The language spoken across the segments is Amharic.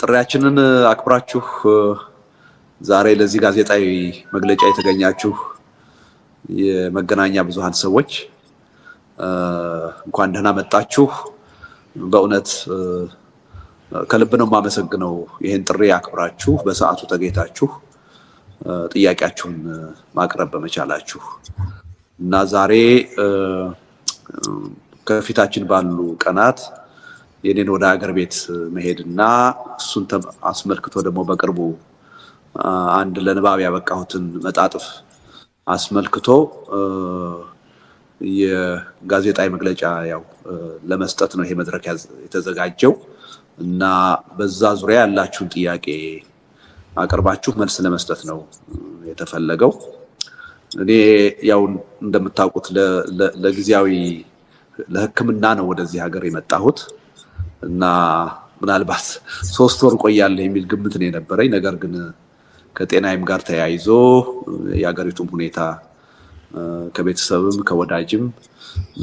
ጥሪያችንን አክብራችሁ ዛሬ ለዚህ ጋዜጣዊ መግለጫ የተገኛችሁ የመገናኛ ብዙሃን ሰዎች እንኳን ደህና መጣችሁ። በእውነት ከልብ ነው የማመሰግነው። ይህን ጥሪ አክብራችሁ በሰዓቱ ተገኝታችሁ ጥያቄያችሁን ማቅረብ በመቻላችሁ እና ዛሬ ከፊታችን ባሉ ቀናት የኔን ወደ ሀገር ቤት መሄድ እና እሱን አስመልክቶ ደግሞ በቅርቡ አንድ ለንባብ ያበቃሁትን መጣጥፍ አስመልክቶ የጋዜጣዊ መግለጫ ያው ለመስጠት ነው ይሄ መድረክ የተዘጋጀው እና በዛ ዙሪያ ያላችሁን ጥያቄ አቅርባችሁ መልስ ለመስጠት ነው የተፈለገው። እኔ ያው እንደምታውቁት ለጊዜያዊ ለሕክምና ነው ወደዚህ ሀገር የመጣሁት። እና ምናልባት ሶስት ወር ቆያለ የሚል ግምት ነው የነበረኝ። ነገር ግን ከጤናይም ጋር ተያይዞ የሀገሪቱም ሁኔታ ከቤተሰብም ከወዳጅም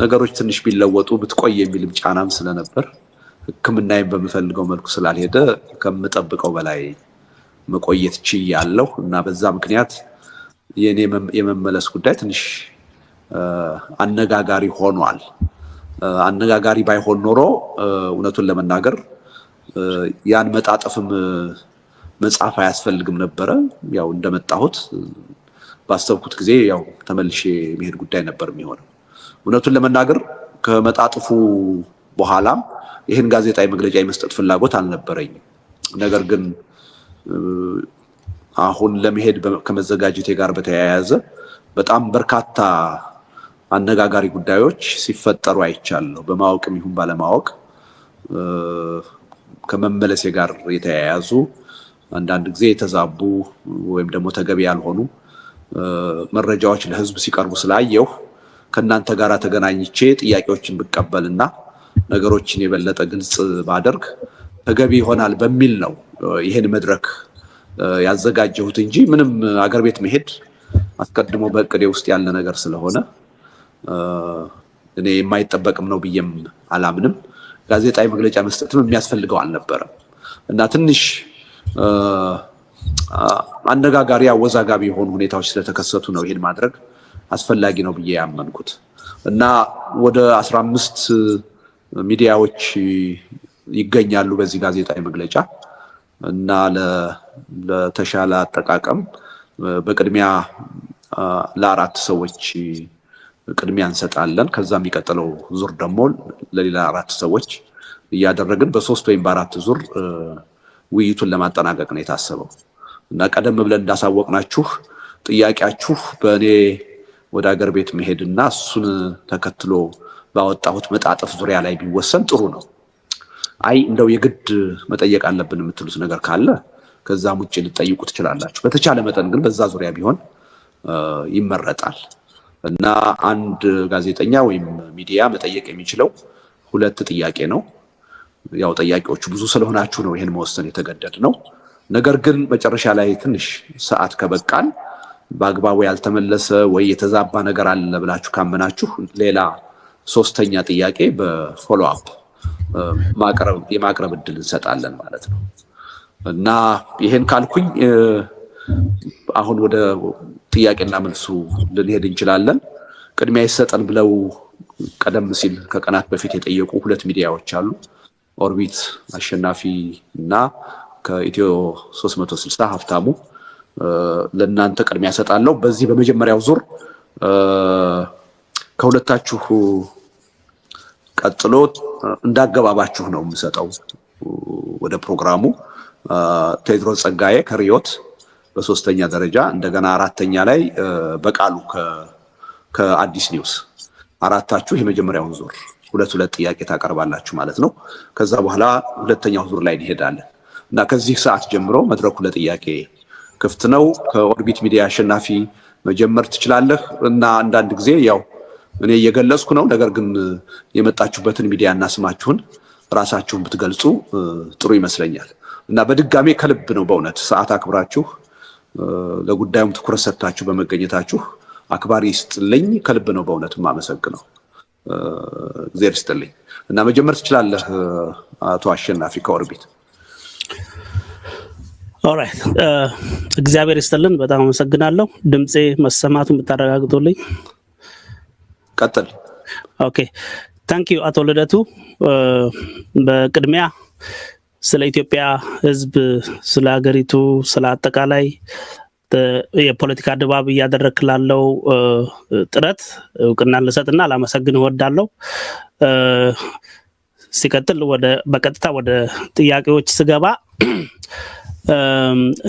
ነገሮች ትንሽ ቢለወጡ ብትቆይ የሚልም ጫናም ስለነበር ሕክምናዬም በምፈልገው መልኩ ስላልሄደ ከምጠብቀው በላይ መቆየት ችያለሁ እና በዛ ምክንያት የኔ የመመለስ ጉዳይ ትንሽ አነጋጋሪ ሆኗል። አነጋጋሪ ባይሆን ኖሮ እውነቱን ለመናገር ያን መጣጠፍም መጽሐፍ አያስፈልግም ነበረ። ያው እንደመጣሁት ባሰብኩት ጊዜ ያው ተመልሼ የሚሄድ ጉዳይ ነበር የሚሆነው። እውነቱን ለመናገር ከመጣጥፉ በኋላ ይህን ጋዜጣዊ መግለጫ የመስጠት ፍላጎት አልነበረኝም። ነገር ግን አሁን ለመሄድ ከመዘጋጀቴ ጋር በተያያዘ በጣም በርካታ አነጋጋሪ ጉዳዮች ሲፈጠሩ አይቻለሁ። በማወቅም ይሁን ባለማወቅ ከመመለሴ ጋር የተያያዙ አንዳንድ ጊዜ የተዛቡ ወይም ደግሞ ተገቢ ያልሆኑ መረጃዎች ለሕዝብ ሲቀርቡ ስላየሁ ከእናንተ ጋር ተገናኝቼ ጥያቄዎችን ብቀበልና ነገሮችን የበለጠ ግልጽ ባደርግ ተገቢ ይሆናል በሚል ነው ይህን መድረክ ያዘጋጀሁት እንጂ ምንም አገር ቤት መሄድ አስቀድሞ በእቅዴ ውስጥ ያለ ነገር ስለሆነ እኔ የማይጠበቅም ነው ብዬም አላምንም። ጋዜጣዊ መግለጫ መስጠትም የሚያስፈልገው አልነበረም እና ትንሽ አነጋጋሪ፣ አወዛጋቢ የሆኑ ሁኔታዎች ስለተከሰቱ ነው ይህን ማድረግ አስፈላጊ ነው ብዬ ያመንኩት እና ወደ አስራ አምስት ሚዲያዎች ይገኛሉ በዚህ ጋዜጣዊ መግለጫ እና ለተሻለ አጠቃቀም በቅድሚያ ለአራት ሰዎች ቅድሚያ እንሰጣለን። ከዛ የሚቀጥለው ዙር ደግሞ ለሌላ አራት ሰዎች እያደረግን በሶስት ወይም በአራት ዙር ውይይቱን ለማጠናቀቅ ነው የታሰበው እና ቀደም ብለን እንዳሳወቅናችሁ ጥያቄያችሁ በእኔ ወደ ሀገር ቤት መሄድና እሱን ተከትሎ ባወጣሁት መጣጥፍ ዙሪያ ላይ ቢወሰን ጥሩ ነው። አይ እንደው የግድ መጠየቅ አለብን የምትሉት ነገር ካለ ከዛም ውጭ ልጠይቁ ትችላላችሁ። በተቻለ መጠን ግን በዛ ዙሪያ ቢሆን ይመረጣል። እና አንድ ጋዜጠኛ ወይም ሚዲያ መጠየቅ የሚችለው ሁለት ጥያቄ ነው። ያው ጥያቄዎቹ ብዙ ስለሆናችሁ ነው ይህን መወሰን የተገደድ ነው። ነገር ግን መጨረሻ ላይ ትንሽ ሰዓት ከበቃን በአግባቡ ያልተመለሰ ወይ የተዛባ ነገር አለ ብላችሁ ካመናችሁ ሌላ ሶስተኛ ጥያቄ በፎሎ አፕ የማቅረብ እድል እንሰጣለን ማለት ነው እና ይሄን ካልኩኝ አሁን ወደ ጥያቄና መልሱ ልንሄድ እንችላለን። ቅድሚያ ይሰጠን ብለው ቀደም ሲል ከቀናት በፊት የጠየቁ ሁለት ሚዲያዎች አሉ። ኦርቢት አሸናፊ እና ከኢትዮ 360 ሀብታሙ ለእናንተ ቅድሚያ ሰጣለሁ በዚህ በመጀመሪያው ዙር ከሁለታችሁ ቀጥሎ እንዳገባባችሁ ነው የምሰጠው ወደ ፕሮግራሙ ቴድሮስ ጸጋዬ ከሪዮት በሶስተኛ ደረጃ እንደገና አራተኛ ላይ በቃሉ ከአዲስ ኒውስ አራታችሁ የመጀመሪያውን ዙር ሁለት ሁለት ጥያቄ ታቀርባላችሁ ማለት ነው። ከዛ በኋላ ሁለተኛው ዙር ላይ እንሄዳለን እና ከዚህ ሰዓት ጀምሮ መድረኩ ለጥያቄ ክፍት ነው። ከኦርቢት ሚዲያ አሸናፊ መጀመር ትችላለህ እና አንዳንድ ጊዜ ያው እኔ እየገለጽኩ ነው። ነገር ግን የመጣችሁበትን ሚዲያ እና ስማችሁን ራሳችሁን ብትገልጹ ጥሩ ይመስለኛል እና በድጋሜ ከልብ ነው በእውነት ሰዓት አክብራችሁ ለጉዳዩም ትኩረት ሰጥታችሁ በመገኘታችሁ አክባሪ ይስጥልኝ። ከልብ ነው በእውነት የማመሰግነው። እግዚአብሔር ይስጥልኝ እና መጀመር ትችላለህ አቶ አሸናፊ ከኦርቢት። ኦራይት uh, እግዚአብሔር ይስጥልን። በጣም አመሰግናለሁ። ድምፄ መሰማቱን ብታረጋግጡልኝ። ቀጥል። ኦኬ ታንኪዩ አቶ ልደቱ uh, በቅድሚያ ስለ ኢትዮጵያ ህዝብ ስለ ሀገሪቱ፣ ስለ አጠቃላይ የፖለቲካ ድባብ እያደረክ ላለው ጥረት እውቅና ልሰጥና ላመሰግን እወዳለሁ። ሲቀጥል ወደ በቀጥታ ወደ ጥያቄዎች ስገባ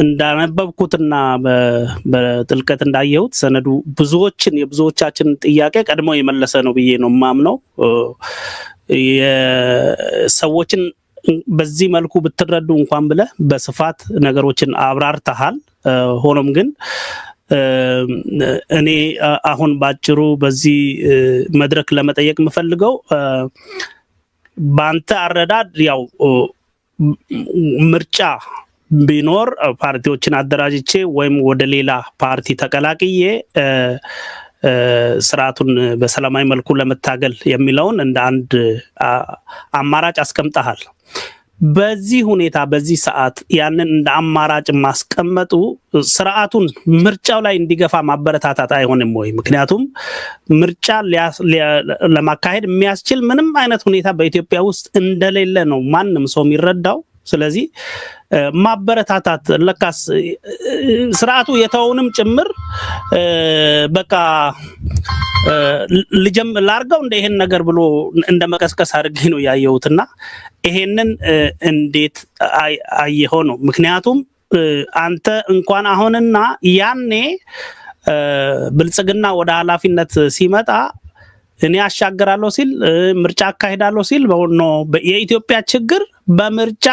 እንዳነበብኩትና በጥልቀት እንዳየሁት ሰነዱ ብዙዎችን የብዙዎቻችን ጥያቄ ቀድሞ የመለሰ ነው ብዬ ነው የማምነው። የሰዎችን በዚህ መልኩ ብትረዱ እንኳን ብለህ በስፋት ነገሮችን አብራርተሃል። ሆኖም ግን እኔ አሁን ባጭሩ በዚህ መድረክ ለመጠየቅ የምፈልገው በአንተ አረዳድ ያው ምርጫ ቢኖር ፓርቲዎችን አደራጅቼ ወይም ወደ ሌላ ፓርቲ ተቀላቅዬ ስርዓቱን በሰላማዊ መልኩ ለመታገል የሚለውን እንደ አንድ አማራጭ አስቀምጠሃል። በዚህ ሁኔታ በዚህ ሰዓት ያንን እንደ አማራጭ ማስቀመጡ ስርዓቱን ምርጫው ላይ እንዲገፋ ማበረታታት አይሆንም ወይ? ምክንያቱም ምርጫ ለማካሄድ የሚያስችል ምንም አይነት ሁኔታ በኢትዮጵያ ውስጥ እንደሌለ ነው ማንም ሰው የሚረዳው። ስለዚህ ማበረታታት ለካስ ስርዓቱ የተውንም ጭምር በቃ ልጀም ላርገው እንደ ይሄን ነገር ብሎ እንደ መቀስቀስ አድርጌ ነው ያየሁትና ይሄንን እንዴት አየኸው ነው? ምክንያቱም አንተ እንኳን አሁንና ያኔ ብልጽግና ወደ ኃላፊነት ሲመጣ እኔ አሻገራለሁ ሲል ምርጫ አካሂዳለሁ ሲል በሆኖ የኢትዮጵያ ችግር በምርጫ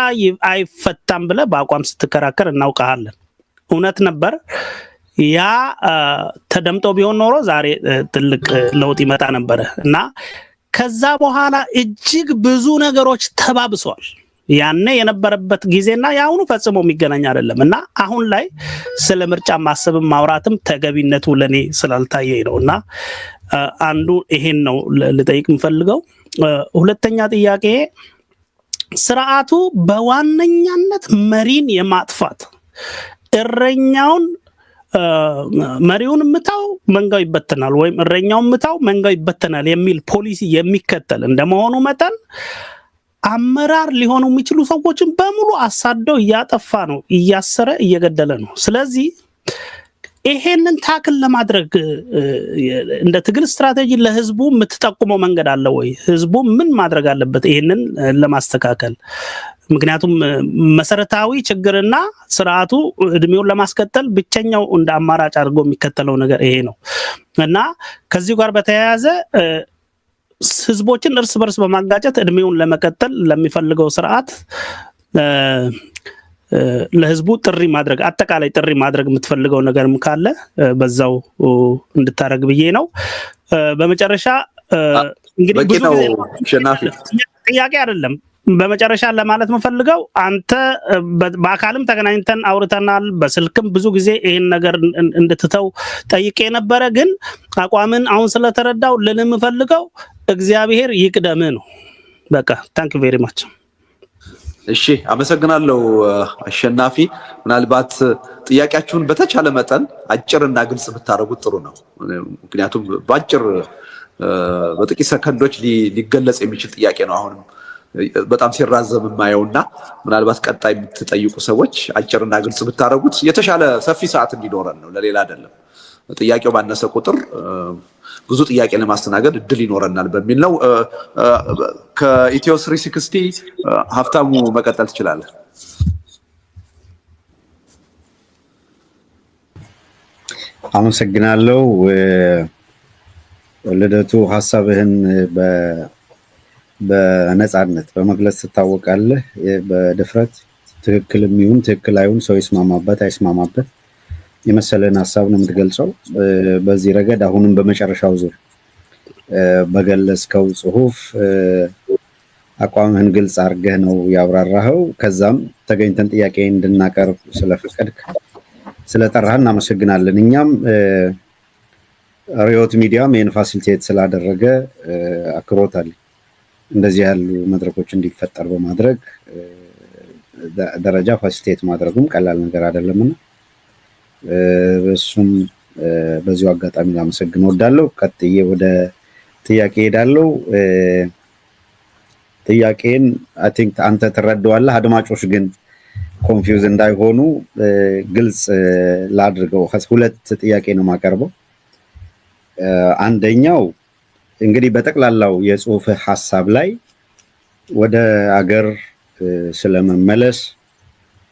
አይፈታም ብለህ በአቋም ስትከራከር እናውቀሃለን። እውነት ነበር። ያ ተደምጦ ቢሆን ኖሮ ዛሬ ትልቅ ለውጥ ይመጣ ነበረ እና ከዛ በኋላ እጅግ ብዙ ነገሮች ተባብሰዋል። ያነ የነበረበት ጊዜና የአሁኑ ፈጽሞ የሚገናኝ አይደለም እና አሁን ላይ ስለ ምርጫ ማሰብም ማውራትም ተገቢነቱ ለእኔ ስላልታየኝ ነው እና አንዱ ይሄን ነው ልጠይቅ የምፈልገው። ሁለተኛ ጥያቄ ስርዓቱ በዋነኛነት መሪን የማጥፋት እረኛውን መሪውን ምታው መንጋው ይበተናል ወይም እረኛውን ምታው መንጋው ይበተናል የሚል ፖሊሲ የሚከተል እንደመሆኑ መጠን አመራር ሊሆኑ የሚችሉ ሰዎችን በሙሉ አሳደው እያጠፋ ነው፣ እያሰረ እየገደለ ነው። ስለዚህ ይሄንን ታክል ለማድረግ እንደ ትግል ስትራቴጂ ለህዝቡ የምትጠቁመው መንገድ አለ ወይ? ህዝቡ ምን ማድረግ አለበት ይሄንን ለማስተካከል? ምክንያቱም መሰረታዊ ችግርና ስርዓቱ እድሜውን ለማስቀጠል ብቸኛው እንደ አማራጭ አድርጎ የሚከተለው ነገር ይሄ ነው እና ከዚሁ ጋር በተያያዘ ህዝቦችን እርስ በርስ በማጋጨት እድሜውን ለመቀጠል ለሚፈልገው ስርዓት ለህዝቡ ጥሪ ማድረግ አጠቃላይ ጥሪ ማድረግ የምትፈልገው ነገርም ካለ በዛው እንድታደረግ ብዬ ነው። በመጨረሻ እንግዲህ ጥያቄ አይደለም። በመጨረሻ ለማለት የምፈልገው አንተ በአካልም ተገናኝተን አውርተናል፣ በስልክም ብዙ ጊዜ ይህን ነገር እንድትተው ጠይቄ ነበረ። ግን አቋምን አሁን ስለተረዳው ልን የምፈልገው እግዚአብሔር ይቅደም ነው። በቃ ታንክ ቬሪ ማች። እሺ አመሰግናለሁ አሸናፊ። ምናልባት ጥያቄያችሁን በተቻለ መጠን አጭርና ግልጽ ብታደርጉት ጥሩ ነው። ምክንያቱም በአጭር በጥቂት ሰከንዶች ሊገለጽ የሚችል ጥያቄ ነው። አሁንም በጣም ሲራዘም የማየው እና ምናልባት ቀጣይ የምትጠይቁ ሰዎች አጭርና ግልጽ ብታደርጉት የተሻለ ሰፊ ሰዓት እንዲኖረን ነው። ለሌላ አይደለም። ጥያቄው ባነሰ ቁጥር ብዙ ጥያቄ ለማስተናገድ እድል ይኖረናል በሚል ነው። ከኢትዮ ስሪ ሲክስቲ ሀብታሙ መቀጠል ትችላለህ። አመሰግናለሁ ልደቱ። ሀሳብህን በነፃነት በመግለጽ ትታወቃለህ። በድፍረት ትክክል የሚሆን ትክክል አይሁን ሰው ይስማማበት አይስማማበት የመሰለን ሀሳብ ነው የምትገልጸው። በዚህ ረገድ አሁንም በመጨረሻው ዙር በገለጽከው ጽሁፍ አቋምህን ግልጽ አድርገህ ነው ያብራራኸው። ከዛም ተገኝተን ጥያቄ እንድናቀርብ ስለፈቀድክ ስለጠራህ እናመሰግናለን። እኛም ሪዮት ሚዲያም ይህን ፋሲሊቴት ስላደረገ አለ። እንደዚህ ያሉ መድረኮች እንዲፈጠር በማድረግ ደረጃ ፋሲሊቴት ማድረጉም ቀላል ነገር አይደለምና እሱም በዚሁ አጋጣሚ ላመሰግን ወዳለው። ቀጥዬ ወደ ጥያቄ ሄዳለው። ጥያቄን አይ ቲንክ አንተ ትረዳዋለህ። አድማጮች ግን ኮንፊውዝ እንዳይሆኑ ግልጽ ላድርገው። ሁለት ጥያቄ ነው የማቀርበው። አንደኛው እንግዲህ በጠቅላላው የጽሁፍ ሀሳብ ላይ ወደ አገር ስለመመለስ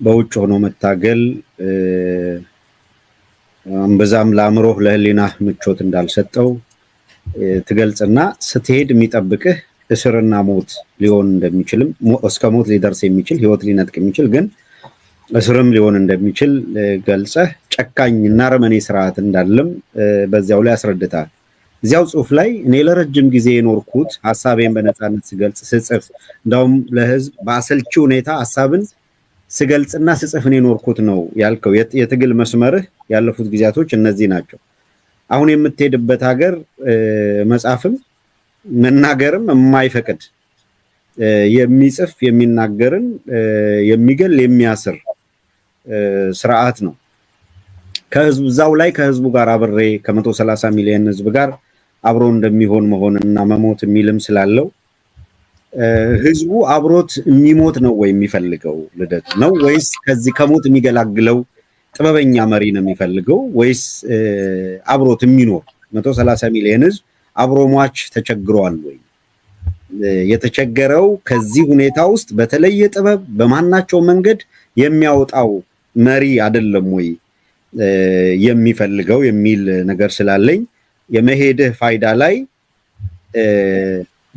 በውጭ ሆኖ መታገል እምብዛም ለአእምሮህ ለህሊናህ ምቾት እንዳልሰጠው ትገልጽና ስትሄድ የሚጠብቅህ እስርና ሞት ሊሆን እንደሚችልም እስከ ሞት ሊደርስ የሚችል ህይወት ሊነጥቅ የሚችል ግን እስርም ሊሆን እንደሚችል ገልጸህ ጨካኝ እና ረመኔ ስርዓት እንዳለም በዚያው ላይ አስረድታል። እዚያው ጽሁፍ ላይ እኔ ለረጅም ጊዜ የኖርኩት ሀሳቤን በነፃነት ስገልጽ ስጽፍ፣ እንዳውም ለህዝብ በአሰልቺ ሁኔታ ሀሳብን ስገልጽና ስጽፍን የኖርኩት ነው ያልከው የትግል መስመርህ ያለፉት ጊዜያቶች እነዚህ ናቸው። አሁን የምትሄድበት ሀገር መጻፍም መናገርም የማይፈቅድ የሚጽፍ የሚናገርን የሚገል የሚያስር ስርዓት ነው። ከህዝቡ እዛው ላይ ከህዝቡ ጋር አብሬ ከመቶ 130 ሚሊዮን ህዝብ ጋር አብሮ እንደሚሆን መሆንና መሞት የሚልም ስላለው ህዝቡ አብሮት የሚሞት ነው ወይ የሚፈልገው ልደት ነው ወይስ ከዚህ ከሞት የሚገላግለው ጥበበኛ መሪ ነው የሚፈልገው ወይስ አብሮት የሚኖር መቶ ሰላሳ ሚሊዮን ህዝብ አብሮ ሟች ተቸግሯል ወይ? የተቸገረው ከዚህ ሁኔታ ውስጥ በተለየ ጥበብ በማናቸው መንገድ የሚያወጣው መሪ አይደለም ወይ የሚፈልገው የሚል ነገር ስላለኝ የመሄድህ ፋይዳ ላይ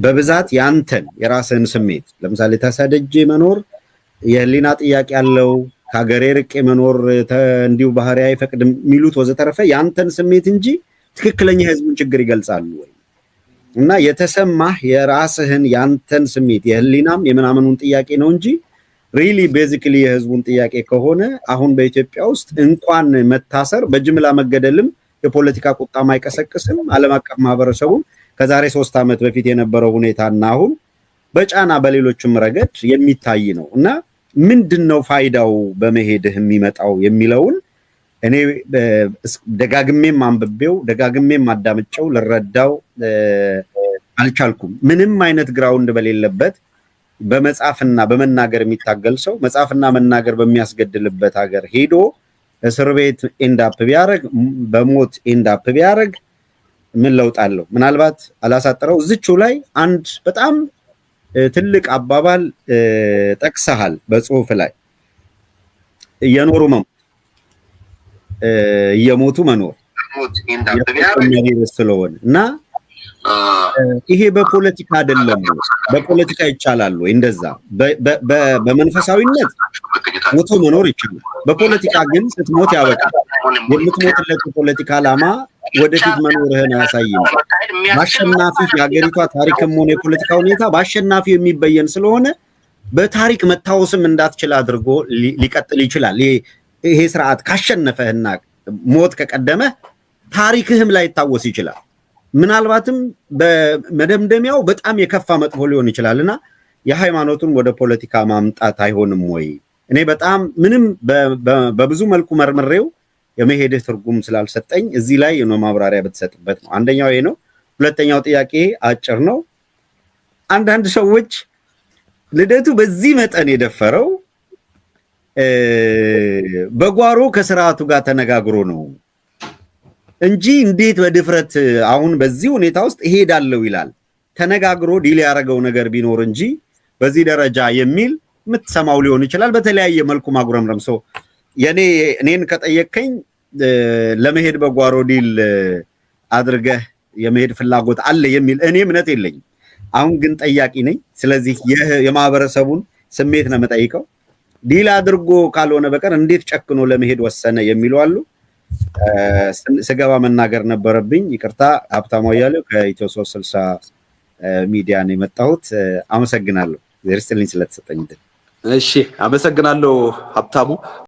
በብዛት ያንተን የራስህን ስሜት ለምሳሌ ተሰደጄ መኖር የህሊና ጥያቄ ያለው ከሀገሬ ርቄ መኖር እንዲሁ ባህሪ አይፈቅድም የሚሉት ወዘተረፈ ያንተን ስሜት እንጂ ትክክለኛ የህዝቡን ችግር ይገልጻሉ ወይ? እና የተሰማህ የራስህን ያንተን ስሜት የህሊናም የምናምኑን ጥያቄ ነው እንጂ ሪሊ ቤዚክሊ የህዝቡን ጥያቄ ከሆነ አሁን በኢትዮጵያ ውስጥ እንኳን መታሰር በጅምላ መገደልም የፖለቲካ ቁጣም አይቀሰቅስም። ዓለም አቀፍ ማህበረሰቡም ከዛሬ ሶስት ዓመት በፊት የነበረው ሁኔታና አሁን በጫና በሌሎችም ረገድ የሚታይ ነው እና ምንድን ነው ፋይዳው በመሄድህ የሚመጣው የሚለውን እኔ ደጋግሜም አንብቤው ደጋግሜም አዳምጨው ልረዳው አልቻልኩም። ምንም አይነት ግራውንድ በሌለበት በመጻፍና በመናገር የሚታገል ሰው መጻፍና መናገር በሚያስገድልበት ሀገር ሄዶ እስር ቤት ኤንዳፕ ቢያደርግ በሞት ኤንዳፕ ቢያደርግ ምን ለውጥ አለው? ምናልባት አላሳጠረው እዝችው ላይ አንድ በጣም ትልቅ አባባል ጠቅሰሃል በጽሁፍ ላይ እየኖሩ መሞት እየሞቱ መኖር ስለሆነ እና ይሄ በፖለቲካ አይደለም። በፖለቲካ ይቻላል ወይ? እንደዛ በመንፈሳዊነት ሞቶ መኖር ይችላል። በፖለቲካ ግን ስትሞት ያበቃል። የምትሞትለት የፖለቲካ ዓላማ ወደፊት መኖርህን አያሳይም። በአሸናፊ የሀገሪቷ ታሪክም ሆነ የፖለቲካ ሁኔታ በአሸናፊ የሚበየን ስለሆነ በታሪክ መታወስም እንዳትችል አድርጎ ሊቀጥል ይችላል። ይሄ ስርዓት ካሸነፈህና ሞት ከቀደመህ ታሪክህም ላይ ይችላል። ምናልባትም በመደምደሚያው በጣም የከፋ መጥፎ ሊሆን ይችላል እና የሃይማኖቱን ወደ ፖለቲካ ማምጣት አይሆንም ወይ? እኔ በጣም ምንም በብዙ መልኩ መርምሬው የመሄድህ ትርጉም ስላልሰጠኝ እዚህ ላይ ነው ማብራሪያ ብትሰጥበት ነው። አንደኛው ይሄ ነው። ሁለተኛው ጥያቄ አጭር ነው። አንዳንድ ሰዎች ልደቱ በዚህ መጠን የደፈረው በጓሮ ከስርዓቱ ጋር ተነጋግሮ ነው እንጂ እንዴት በድፍረት አሁን በዚህ ሁኔታ ውስጥ እሄዳለሁ ይላል? ተነጋግሮ ዲል ያደረገው ነገር ቢኖር እንጂ በዚህ ደረጃ የሚል የምትሰማው ሊሆን ይችላል። በተለያየ መልኩ ማጉረምረም ሰው የኔ እኔን ከጠየቀኝ ለመሄድ በጓሮ ዲል አድርገህ የመሄድ ፍላጎት አለ የሚል እኔ እምነት የለኝም። አሁን ግን ጠያቂ ነኝ። ስለዚህ የማህበረሰቡን ስሜት ነው የምጠይቀው። ዲል አድርጎ ካልሆነ በቀር እንዴት ጨክኖ ለመሄድ ወሰነ የሚሉ አሉ። ስገባ መናገር ነበረብኝ። ይቅርታ። ሀብታሙ አያሌው ከኢትዮ ሶስት ስልሳ ሚዲያ ነው የመጣሁት። አመሰግናለሁ። ዜርስትልኝ ስለተሰጠኝ እሺ፣ አመሰግናለሁ ሀብታሙ።